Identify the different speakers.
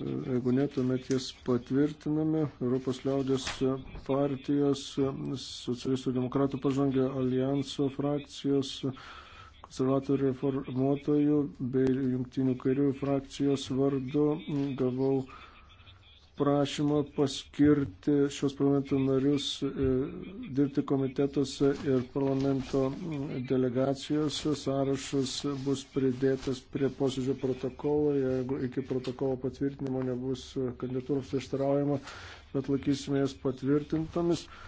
Speaker 1: Jeigu ne, tuomet jas patvirtiname. Europos liaudės partijos, socialistų demokratų pažangė alijanso frakcijos, konservatorių reformuotojų bei jungtinių kairių frakcijos vardu gavau prašymą paskirti šios parlamento narius e, dirbti komitetuose ir parlamento mm, delegacijose. Sąrašas bus pridėtas prie posėdžio protokolo, jeigu iki protokolo patvirtinimo nebus e, kandidatūros prieštaraujama, bet laikysime jas patvirtintomis.